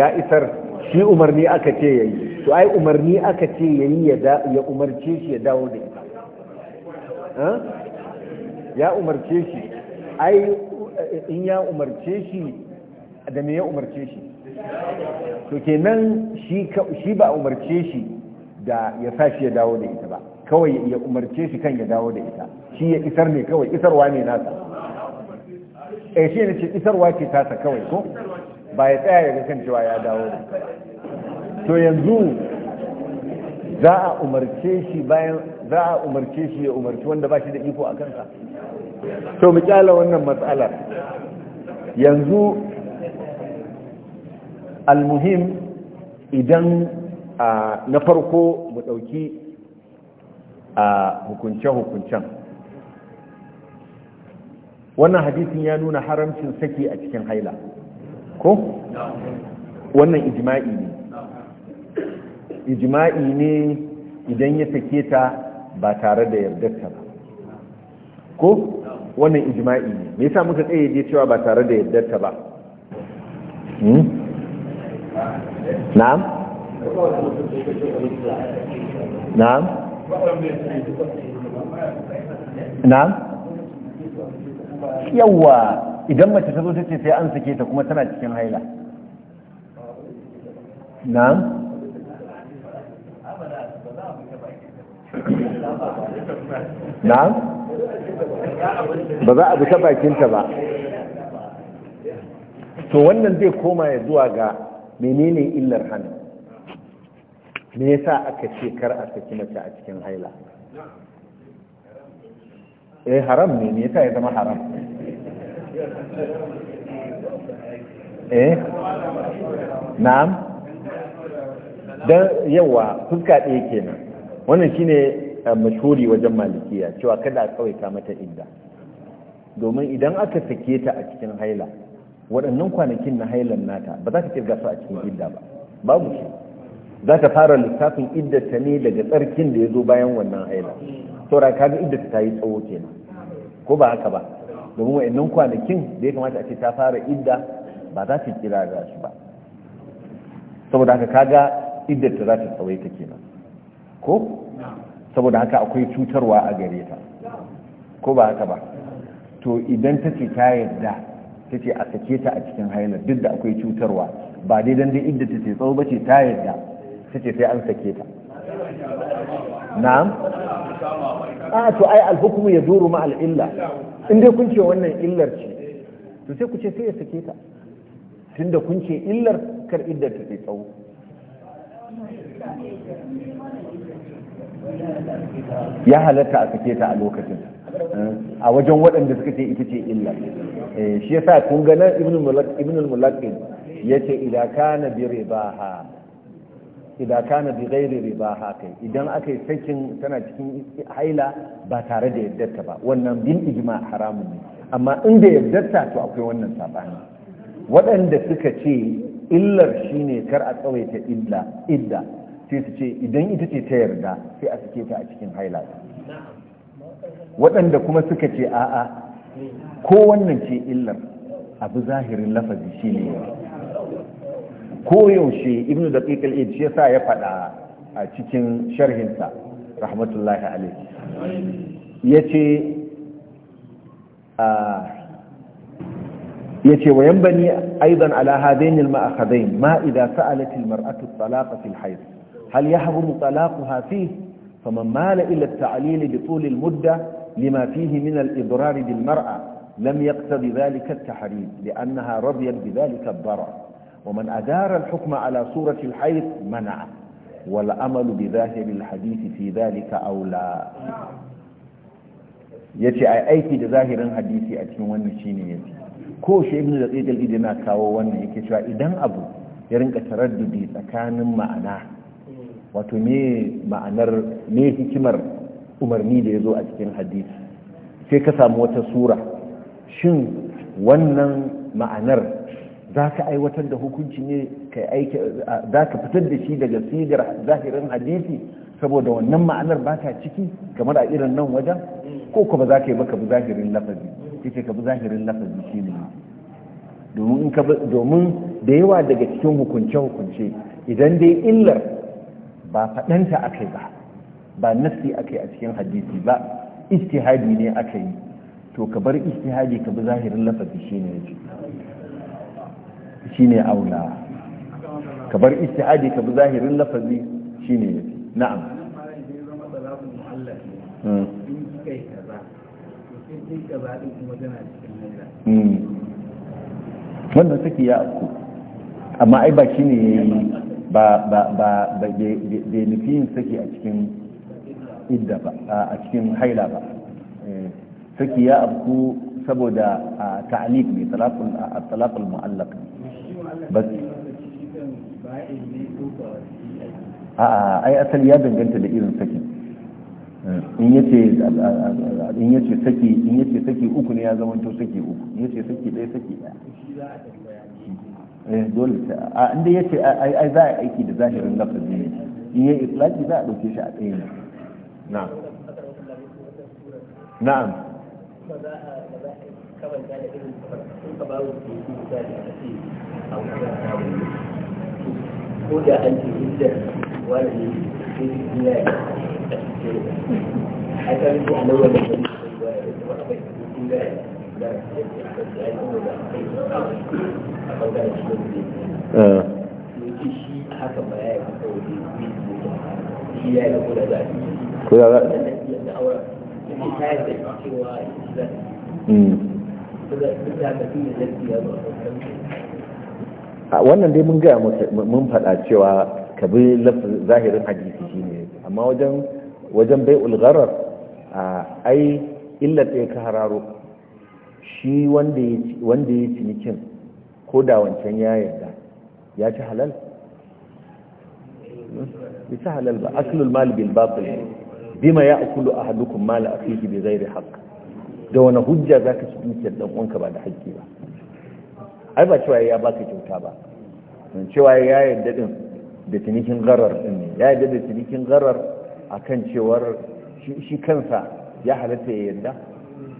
ya isar shi Umar ni aka ce yayi to ai umarni aka ce yayi ya umarce shi ya dawo da ita ya umarce shi ai in ya umarce shi da me ya umarce shi to kenan shi ba umarce shi da ya sa shi ya dawo da ita ba kawai ya umarce shi kan ya dawo da ita shi ya isar ne kawai isarwa ne nasa eh shi ne ce isarwa ce tasa kawai ko ba ya tsaya ya ga kan cewa ya dawo da ita ba to yanzu za a umarce shi bayan za a umarce shi ya umarci wanda ba shi da iko a kansa to mu kyala wannan matsalar yanzu almuhim idan na farko mu ɗauki a hukunce-hukuncen wannan hadisin ya nuna haramcin saki a cikin haila ko? wannan ijima'i ne ijma'i ne idan ya sake ta ba tare da yardarta ba ko wannan ijma'i ne me yasa muka tsaye da cewa ba tare da yardarta ba hmm? na'am na'am na'am yawa idan mace ta zo ta ce sai an sake ta kuma tana cikin haila na'am na ba za a bi ta bakinta ba to wannan zai koma ya zuwa ga menene illar hannu me yasa aka ce kar a saki mace a cikin haila eh haram ne me yasa ya zama haram eh na'am dan yawa fuska ɗaya kenan wannan shine eh, mashuri wajen malikiya cewa kada a tsawaita mata idda domin idan aka sake ta a cikin haila waɗannan kwanakin na hailan nata ba za ka kirga su a cikin idda ba babu shi za ta fara lissafin iddata ne daga tsarkin da ya zo bayan wannan haila saura kaga iddata ta yi tsawo kenan ko ba haka ba domin waɗannan kwanakin da ya kamata a ce ta fara idda ba za ta kira da shi ba saboda haka kaga iddata za ta tsawaita kenan ko saboda haka akwai cutarwa a gare ta ko ba haka ba to idan ta ce ta yarda ta ce a sake ta a cikin hailar duk da akwai cutarwa ba dai don dai inda ta ce tsawo ba ce ta yarda ta ce sai an sake ta na'am a to ai alhukumu ya duru ma al'illa in dai kun ce wannan illar ce to sai ku ce sai ya sake ta tunda kun ce illar kar idda ta ce tsawo ya halatta a sake ta a lokacin a wajen waɗanda suka ce ita ce illa eh, shi sa kun ga nan ibn al-mulaqin yace idza kana bi ribaha idza kana bi ghairi ribaha kai idan aka yi sakin tana cikin haila ba tare da yaddarta ba wannan bin ijma haramun ne amma in da yaddarta to akwai wannan sabani waɗanda suka ce illar shine kar a tsawaita illa idda sai ce idan ita ce ta yarda sai a suke ta a cikin haila waɗanda kuma suka ce a'a ko wannan ce illar abu zahirin lafazi shi ne ko yaushe ibnu da ƙiƙil id shi ya faɗa a cikin sharhinsa rahmatullahi alaihi ya ce yace wa yanbani aidan ala hadain al ma'akhadain ma idza sa'alat al mar'atu talaqa fil hayd هل يحرم طلاقها فيه فمن مال إلى التعليل بطول المدة لما فيه من الإضرار بالمرأة لم يقتضي ذلك التحريم لأنها رضيت بذلك الضرر ومن أدار الحكم على صورة الحيث منع والأمل بظاهر الحديث في ذلك أولى لا ai أيتي da zahirin hadisi a cikin wannan shine yace ko shi ibnu daqiq أبو idina ترددي wannan yake cewa wato me ma'anar me hikimar umarni da ya zo a cikin hadisi sai ka samu wata sura shin wannan ma'anar za ka aiwatar da hukunci ne za ka fitar da shi daga sigar zahirin hadisi saboda wannan ma'anar ba ta ciki kamar a irin nan wajen ko kuma za ka yi maka zahirin lafazi yake ka bi zahirin lafazi shi ne domin da yawa daga cikin hukunce-hukunce idan dai illar ba faɗanta akai ba ba nassi akai a cikin hadisi ba ijtihadi ne aka yi to ka bar ijtihadi ka bi zahirin lafazi shine yace shine aula ka bar ijtihadi ka bi zahirin lafazi shine yace na'am hmm. hmm. wannan saki ya afku amma ai ba shi ne ya yi. ba ba nufin saki a cikin idda ba a cikin haila ba eh, saki ya abku saboda a ta'alik ne talaqul mu'allaq bas a'a ai asali ya danganta da irin saki eh, in yace in yace saki in yace saki uku ne ya zama to saki uku in yace saki ɗaya saki ɗaya dole ta inda ya ce ai za a aiki da zahirin lafazi ne in yi islaki za a ɗauke shi a tsaye ne na'am na'am ko da an ce inda wani ne ya a cikin a kan a nawa da wani da wannan dai mun gaya mun faɗa cewa ka bi zahirin hadisi shi ne amma wajen bai ulgarar a ai illar ɗaya ka hararo shi wanda ya cinikin ko da wancan ya yarda ya ci halal? ya ci halal ba aklul mal bil batil bima ya akulu a hadukun mali a fiye bai zai da haka da wani hujja za ka ci dukiyar dan uwanka ba da haƙƙi ba ai ba cewa ya baka kyauta ba cewa ya yarda din da cinikin garar din ne ya yarda da cinikin garar akan cewar shi kansa ya halatta ya yarda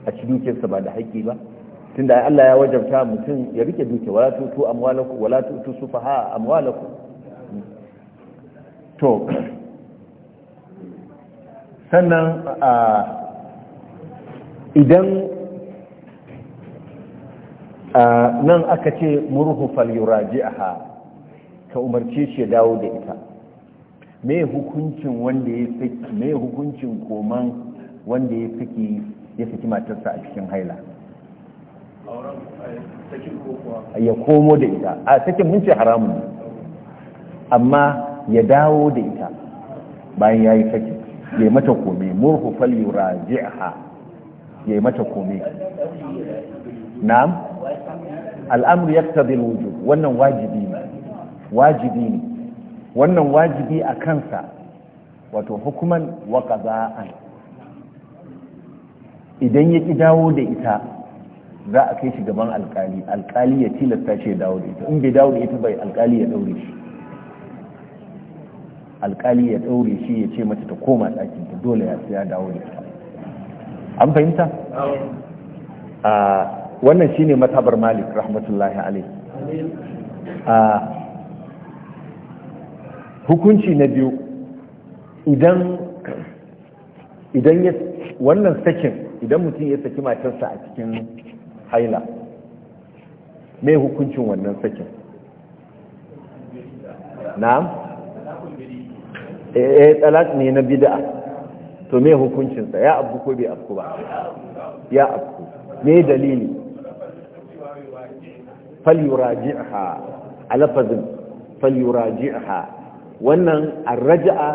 a ci dukiyarsa ba da haƙƙi ba tunda Allah ya wajabta mutum ya rike duke wala tutu amwalaku wala tutu sufaha amwalaku to sannan idan nan aka ce murhu fal falyuraji'aha ka umarce shi ya dawo da ita me hukuncin wanda ya me hukuncin koman wanda ya saki. ya saki matarsa a cikin haila ya komo da ita a sakin mun ce haramun amma ya dawo da ita bayan ya yi saki ya yi mata kome murhu falyura ji'aha ya yi mata kome na'am al'amur ya tabi wannan wajibi ne wajibi ne wannan wajibi a kansa wato hukuman wa ƙaza'an idan ya ki dawo da ita za a kai shi gaban alkali alkali ya tilasta shi ya dawo da ita in bai dawo da ita bai alkali ya daure shi alkali ya daure shi ya ce mata ta koma ɗakin ta dole ya ya dawo da ita an fahimta a wannan shine matabar malik rahmatullahi alaihi a hukunci na biyu idan idan ya wannan sakin idan mutum ya saki matarsa a cikin haila mai hukuncin wannan sakin Na? eh, eh talat ne na bid'a to mai hukuncinsa ya abu ko bai abu ba ya abu me dalili ha, a lafazin ha. wannan a,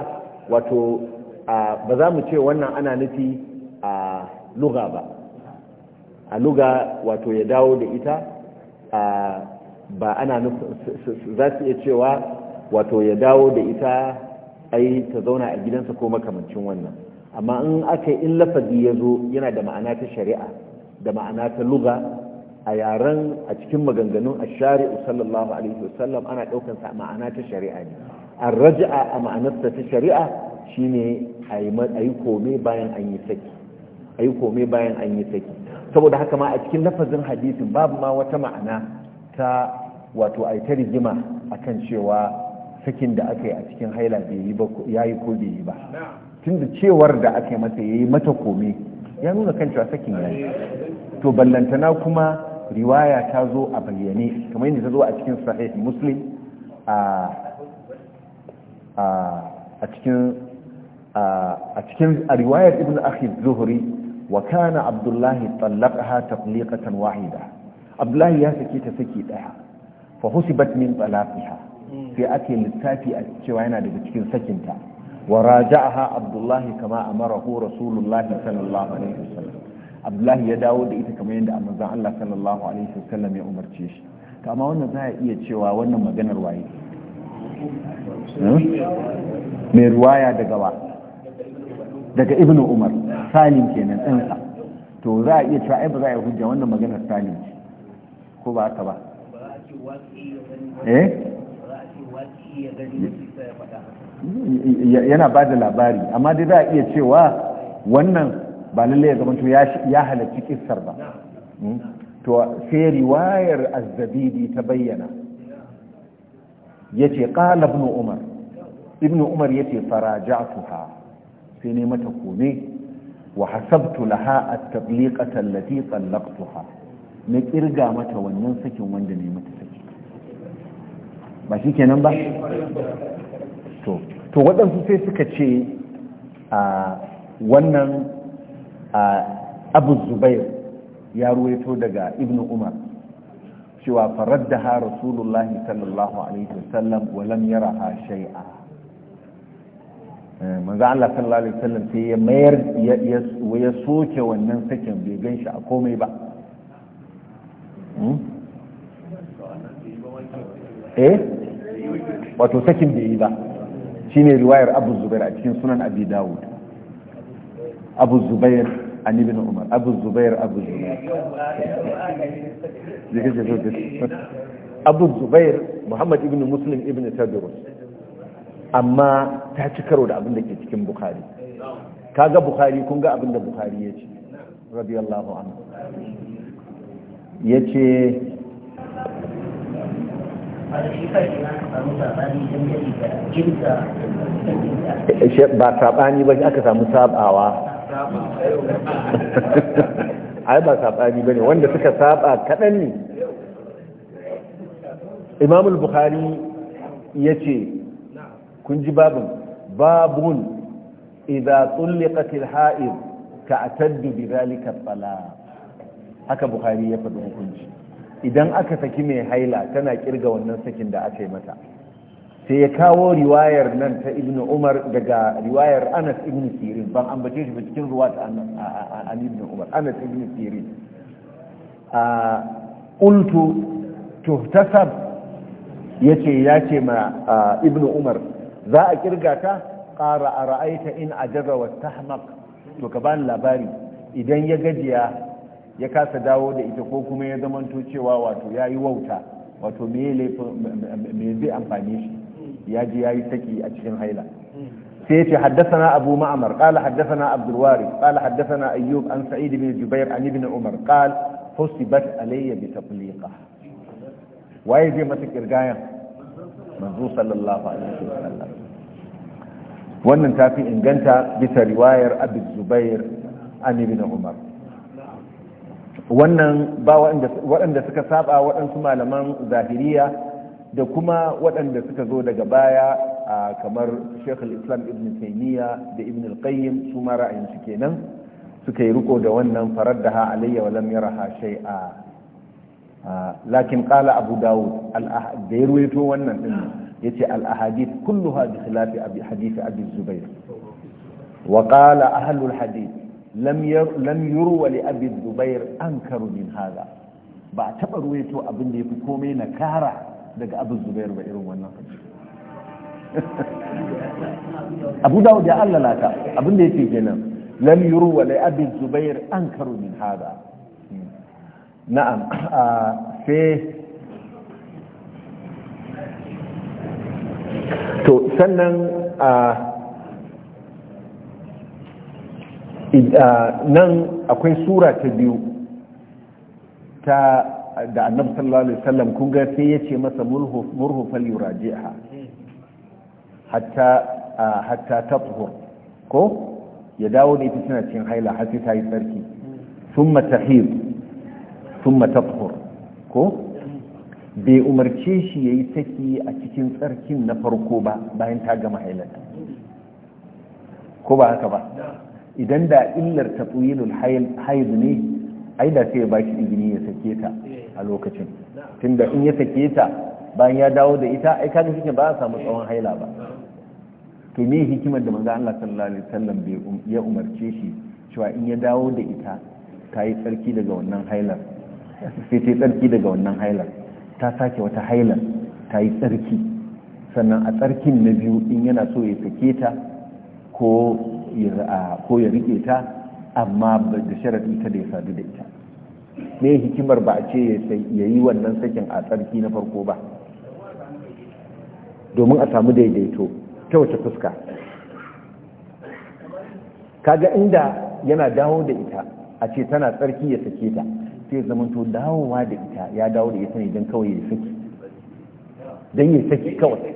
wato ba za mu ce wannan ana nufi a luga ba a luga wato ya dawo da ita a ba ana za su iya cewa wato ya dawo da ita ai ta zauna a gidansa ko makamancin wannan amma in aka in lafazi ya zo yana da ma'ana ta shari'a da ma'ana ta luga a yaren a cikin maganganun a ashari'u sallallahu alaihi wasallam ana ɗaukansa a ma'ana ta shari'a ne an raja'a a ma'anarsa ta shari'a shine a yi kome bayan an yi saki a yi kome bayan an yi saki saboda haka ma a cikin lafazin hadisin babu ma wata ma'ana ta wato a yi ta rigima a kan cewa sakin da aka yi a cikin haila ya yi ko bai yi ba tun da cewar da aka yi mata ya yi mata kome ya nuna kan cewa sakin ya yi to ballantana kuma riwaya ta zo a bayyane kamar yadda ta zo a cikin sahih muslim a cikin a cikin riwayar ibn akhi zuhri Wakana kana abdullahi tallaqaha taqliqatan wahida abdullahi ya sake ta saki ɗaya fa batnin min talaqiha sai ake littafi a cewa yana daga cikin sakinta wa raja'aha abdullahi kama amarahu rasulullahi sallallahu alaihi wasallam abdullahi ya dawo da ita kamar yadda manzon Allah sallallahu alaihi wasallam ya umarce shi kama wannan za a iya cewa wannan maganar waye hmm? mai ruwaya daga wa daga ibnu umar salim kenan ɗansa to za a iya cewa ai ba za a yi hujja wannan maganar salim ce ko ba haka ba eh yana ba da labari amma dai za a iya cewa wannan ba lalle ya zama to ya halarci kissar ba hmm? to sai riwayar azzabidi ta bayyana ya ce ƙala ibn umar Ibnu umar ya ce faraja'tuha sai ne mata kome wa hasabtu laha at-tabliqata allati tallaqtuha na kirga mata wannan sakin wanda ne mata saki ba shi kenan ba to to waɗansu sai suka ce a wannan abu zubair ya ruwaito daga ibnu umar cewa faradda ha rasulullahi sallallahu alaihi wasallam wa lam yara ha shay'a manzo Allah sallallahu alaihi wasallam sai ya mayar ya soke wannan sakin bai gan shi a komai ba hmm? eh wato sakin bai yi ba shine riwayar Abu Zubair a cikin sunan Abi Dawud Abu Zubair an ibn Umar Abu Zubair Abu Zubair Abu Zubair Muhammad ibn Muslim ibn Tadrus amma ta ci karo da abin da ke cikin bukhari ga bukhari kun ga abin da bukhari ya ce radiyallahu anhu ya ce ba saɓani ba aka samu saɓawa [laughs] ai ba saɓani ba ne wanda suka saɓa kaɗan ne imamul bukhari ya ce kun ji babin babun idza tulliqat al-ha'id ta'taddu bi zalika tsala haka bukhari ya faɗi hukunci idan aka saki mai haila tana kirga wannan sakin da aka yi mata sai ya kawo riwayar nan ta ibn umar daga riwayar anas ibn sirin ban ambace shi ba cikin ruwa ta an ibn umar anas ibn sirin a ultu tuhtasab yace ya ce ma ibn umar za a kirga ta ƙara a ra'aita in a jaza wa tahmaq to ka bani labari idan ya gajiya ya kasa dawo da ita ko kuma ya zamanto cewa wato ya yi wauta wato me zai amfani shi ya ji ya yi saki a cikin haila sai ce haddasana abu ma'amar ƙala haddasana abdulwari ƙala haddasana ayyub an sa'idu bin jubair an ibn umar ƙal fusibat alayya bi tafliqa waye zai masa kirgayan manzo sallallahu alaihi wasallam wannan tafi inganta bisa riwayar abu zubair an ibn umar wannan ba waɗanda suka saba waɗansu malaman zahiriya da kuma waɗanda suka zo daga baya a kamar sheikh islam ibn taymiya da ibn al su ma ra'ayin su kenan suka yi riko da wannan farar da ha alayya wa lam yaraha Ah, lakin qala abu dawud da ya ruwaito wannan din hmm. yace al ahadith kulluha bi khilafi abi hadith abi zubair wa qala ahlu al hadith lam lam yurwa li abi zubair ankaru min hada ba taba ruwaito abin da yafi komai na kara daga abu zubair ba irin wannan [laughs] abu dawud ya allalata, ta abin da yake kenan lam yurwa li abi zubair ankaru min hada na'am sai to sannan nan akwai sura ta biyu ta da annabi sallallahu alaihi wasallam kun ga sai yace masa murhu fal yuraji'ha hatta hatta tathur ko ya dawo da ita tana cikin haila har sai ta yi sarki thumma tahir ثم تطهر ko bai umarce shi yi saki a cikin tsarkin na farko ba bayan ta gama hailata ko ba haka ba idan da illar tatwilul haid ne ai da sai ya baki izini ya sake ta a lokacin tunda in ya sake ta bayan ya dawo da ita ai kaga shi ba a samu tsawon haila ba to me hikimar da manzo Allah sallallahu alaihi wasallam bai um, ya umarce shi cewa in ya dawo da ita ta yi tsarki daga wannan hailar sai ta yi tsarki daga wannan hailar ta sake wata hailar ta yi tsarki sannan a tsarkin na biyu in yana so ya sake ta ko ya rike ta amma da sharaɗi ta da ya sadu da ita me hikimar ba a ce ya yi wannan sakin a tsarki na farko ba domin a samu daidaito ta wace fuska kaga inda yana dawo da ita a ce tana tsarki ya sake ta sai zamanto dawowa da ita ya dawo da ita ne don kawai ya saki don ya saki kawai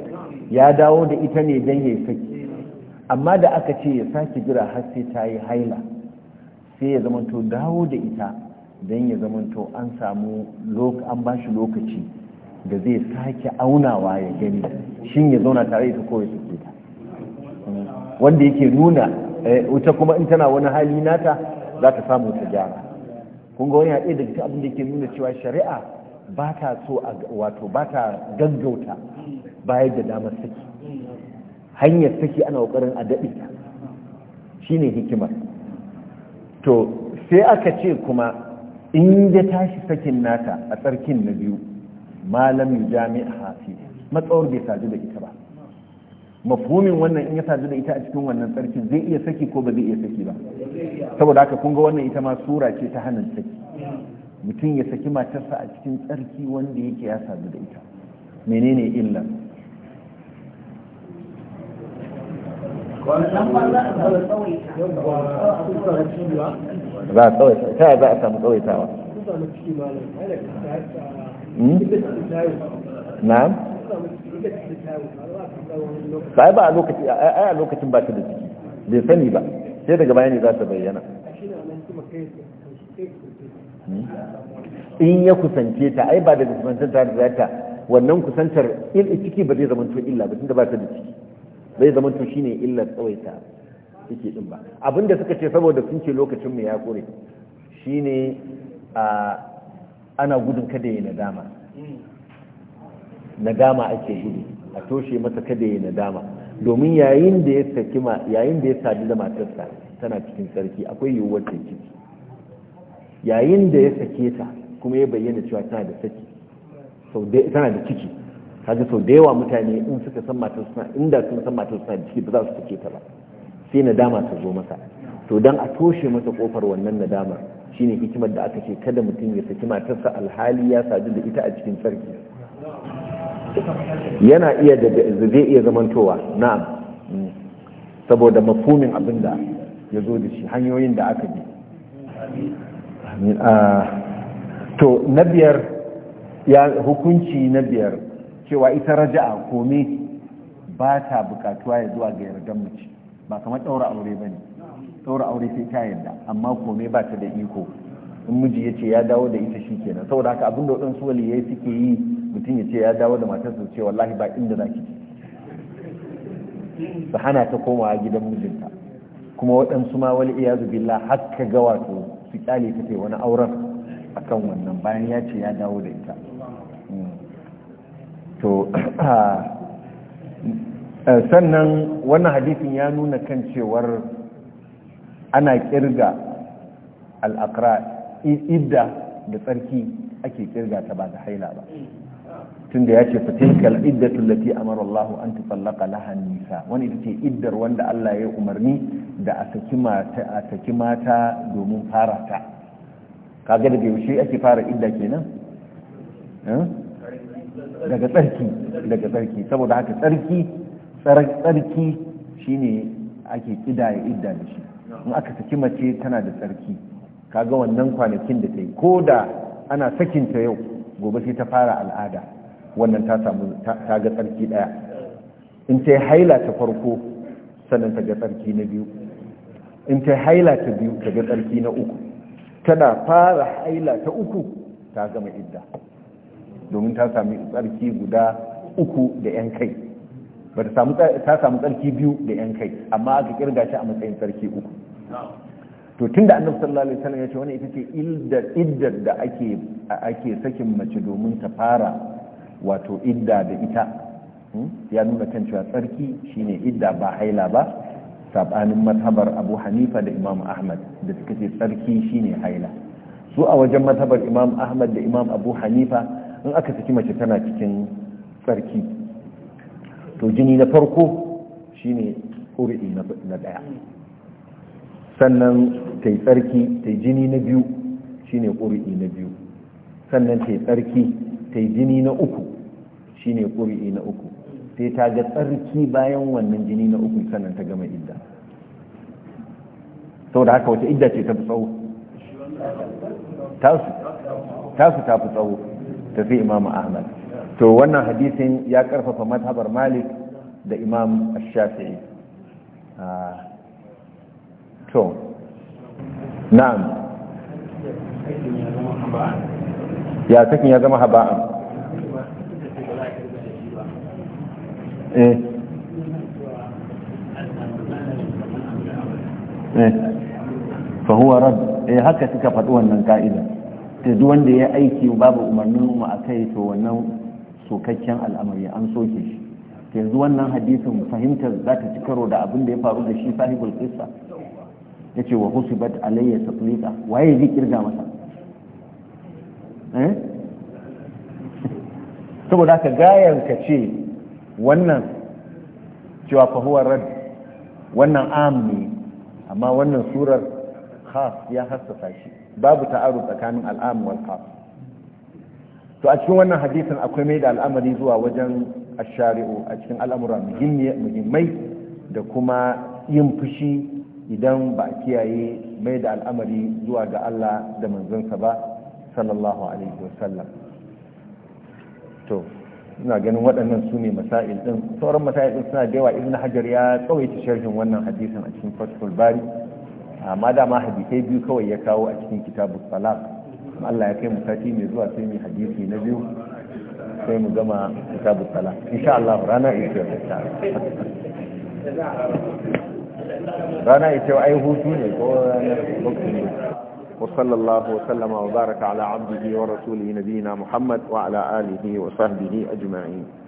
ya dawo da ita ne don ya saki amma da aka ce ya sake jira har sai ta yi haila sai ya zamanto dawo da ita don ya zamanto an samu an ba shi lokaci da zai sake aunawa ya gani shin ya zauna tare ita kawai su ke ta wanda yake nuna wuta eh, kuma in tana wani hali nata za ta samu ta gyara kun ga wani ya ɗaya daga abin da ke nuna cewa shari'a ba ta so wato ba ta gaggauta bayar da damar saki hanyar saki ana ƙoƙarin a daɗe shi ne hikimar to sai aka ce kuma in ya tashi sakin nata a tsarkin na biyu malamin jami'a hafi matsawar bai sadu da ita ba mafhumin wannan in ya sadu da ita a cikin wannan tsarkin zai iya saki ko ba zai iya saki ba saboda haka kun ga wannan ita ma sura ce ta hannun saki mutum ya saki matarsa a cikin tsarki wanda yake ya sadu da ita menene illa za a tsawaita ta za a samu tsawaitawa hmm? na'am ba ba a lokaci ai a lokacin ba ta da ciki bai sani ba sai daga bayani za ta bayyana in ya kusance ta ai ba da kusantar ta da zata wannan kusantar ciki ba zai zama to illa ba tunda ba ta da ciki bai zama to shine illar tsawaita ciki din ba abinda suka ce saboda sun ce lokacin mu ya kore shine a ana gudun kada ya nadama nadama ake gudu a toshe masa kada ya nadama domin yayin da ya saki ma yayin da ya sadu da matarsa tana cikin sarki akwai yiwuwar ta ciki yayin da ya sake ta kuma ya bayyana cewa tana da saki sau da tana da ciki kaga sau da yawa mutane in suka san matar suna inda sun san matar suna da ciki ba za su sake ta ba sai nadama ta zo masa to dan a toshe masa kofar wannan nadama shine hikimar da aka ce kada mutum ya saki matarsa alhali ya sadu da ita a cikin sarki yana iya da zai iya zamantowa na saboda mafumin abin da ya zo da shi hanyoyin da aka bi ah, to na biyar ya hukunci na biyar cewa ita raja'a kome ba ta bukatuwa ya zuwa ga yardan mace ba kamar ɗaura aure ba ne ɗaura aure sai ta yarda amma komai ba ta da iko in miji ya ce ya dawo da ita shi kenan saboda haka abin da waɗansu waliyai suke yi mutum ya ce ya dawo da matar su ce wallahi ba inda za ki su hana ta komawa gidan mijinta kuma waɗansu ma wani iya la haka ga wato su kyale ta ce wani auren akan wannan bayan ya ce ya dawo da ita hmm. to [clears throat] eh, sannan wannan hadisin ya nuna kan cewar ana kirga al'akra idda da tsarki ake kirga ta ba da haila ba tun da ya ce fatilkal iddatu lati amara Allah an tufallaqa laha nisa wani ita ce iddar wanda Allah ya umarni da a saki mata a saki mata domin fara ta kaga daga yaushe ake fara idda kenan eh? daga tsarki daga tsarki saboda haka tsarki tsarki shine ake kidaya idda da shi in aka saki mace tana da tsarki kaga wannan kwanakin da ta yi ko da ana sakinta yau gobe sai ta fara al'ada wannan ta samu ta ga tsarki daya in ta haila ta farko sannan ta ga tsarki na biyu in ta haila ta biyu ta ga tsarki na uku tana fara haila ta uku ta gama idda domin ta sami tsarki guda uku da yan kai ba ta samu tsarki biyu da yan kai amma aka kirga shi a matsayin tsarki uku to tun da annabta lalai sanar ya ce wani ita ce iddar da ake ake sakin mace domin ta fara wato idda da ita hmm, ya nuna kan cewa tsarki shine idda ba haila ba sabanin mazhabar abu hanifa da imam ahmad da suka ce tsarki shine haila su a wajen mazhabar imam ahmad da imam abu hanifa in aka saki mace tana cikin tsarki to jini na farko shine ƙuri'i na ɗaya sannan ta yi tsarki ta yi jini na biyu shine ƙuri'i na biyu sannan ta yi tsarki ta yi jini na uku shine ƙuri'i na uku sai ta ga tsarki bayan wannan jini na uku sannan ta gama idda sau da haka wata idda ce ta fi tsawo tasu ta fi tsawo ta fi imamu ahmad to wannan hadisin ya karfafa matabar malik da imam shafi'i ah. to na'am ya sakin ya zama haba'a. eh, eh. rad eh, haka suka faɗi wannan ka'ida ta duk wanda ya aiki babu umarnin mu kai to wannan sokakken al'amari an soke shi yanzu wannan hadisin fahimtar za ta ci karo da abin da ya faru da shi sahibul Ya ce wa bat alayya tatliqa waye zai kirga masa eh [laughs] saboda ka gayar ka ce wannan cewa fahuwar rad wannan am ne amma wannan surar khas ya hassasa shi babu ta'aru tsakanin al'am wal khas to a cikin wannan hadisin akwai mai da al'amari zuwa wajen ashari'u a cikin al'amura muhimmai da kuma yin fushi idan ba a kiyaye mai da al'amari zuwa ga Allah da manzansa ba sallallahu alaihi wasallam to ina ganin waɗannan su ne masail ɗin sauran masail ɗin suna da yawa ibn hajar ya tsawaita sharhin wannan hadisin a cikin fatul bari amma dama hadisai biyu kawai ya kawo a cikin kitabu salat Allah ya kai mu sati mai zuwa sai mu hadisi na biyu sai mu gama kitabu salat insha Allah rana ita ta rana ita ai hutu ne ko ranar lokacin وصلى الله وسلم وبارك على عبده ورسوله نبينا محمد وعلى آله وصحبه أجمعين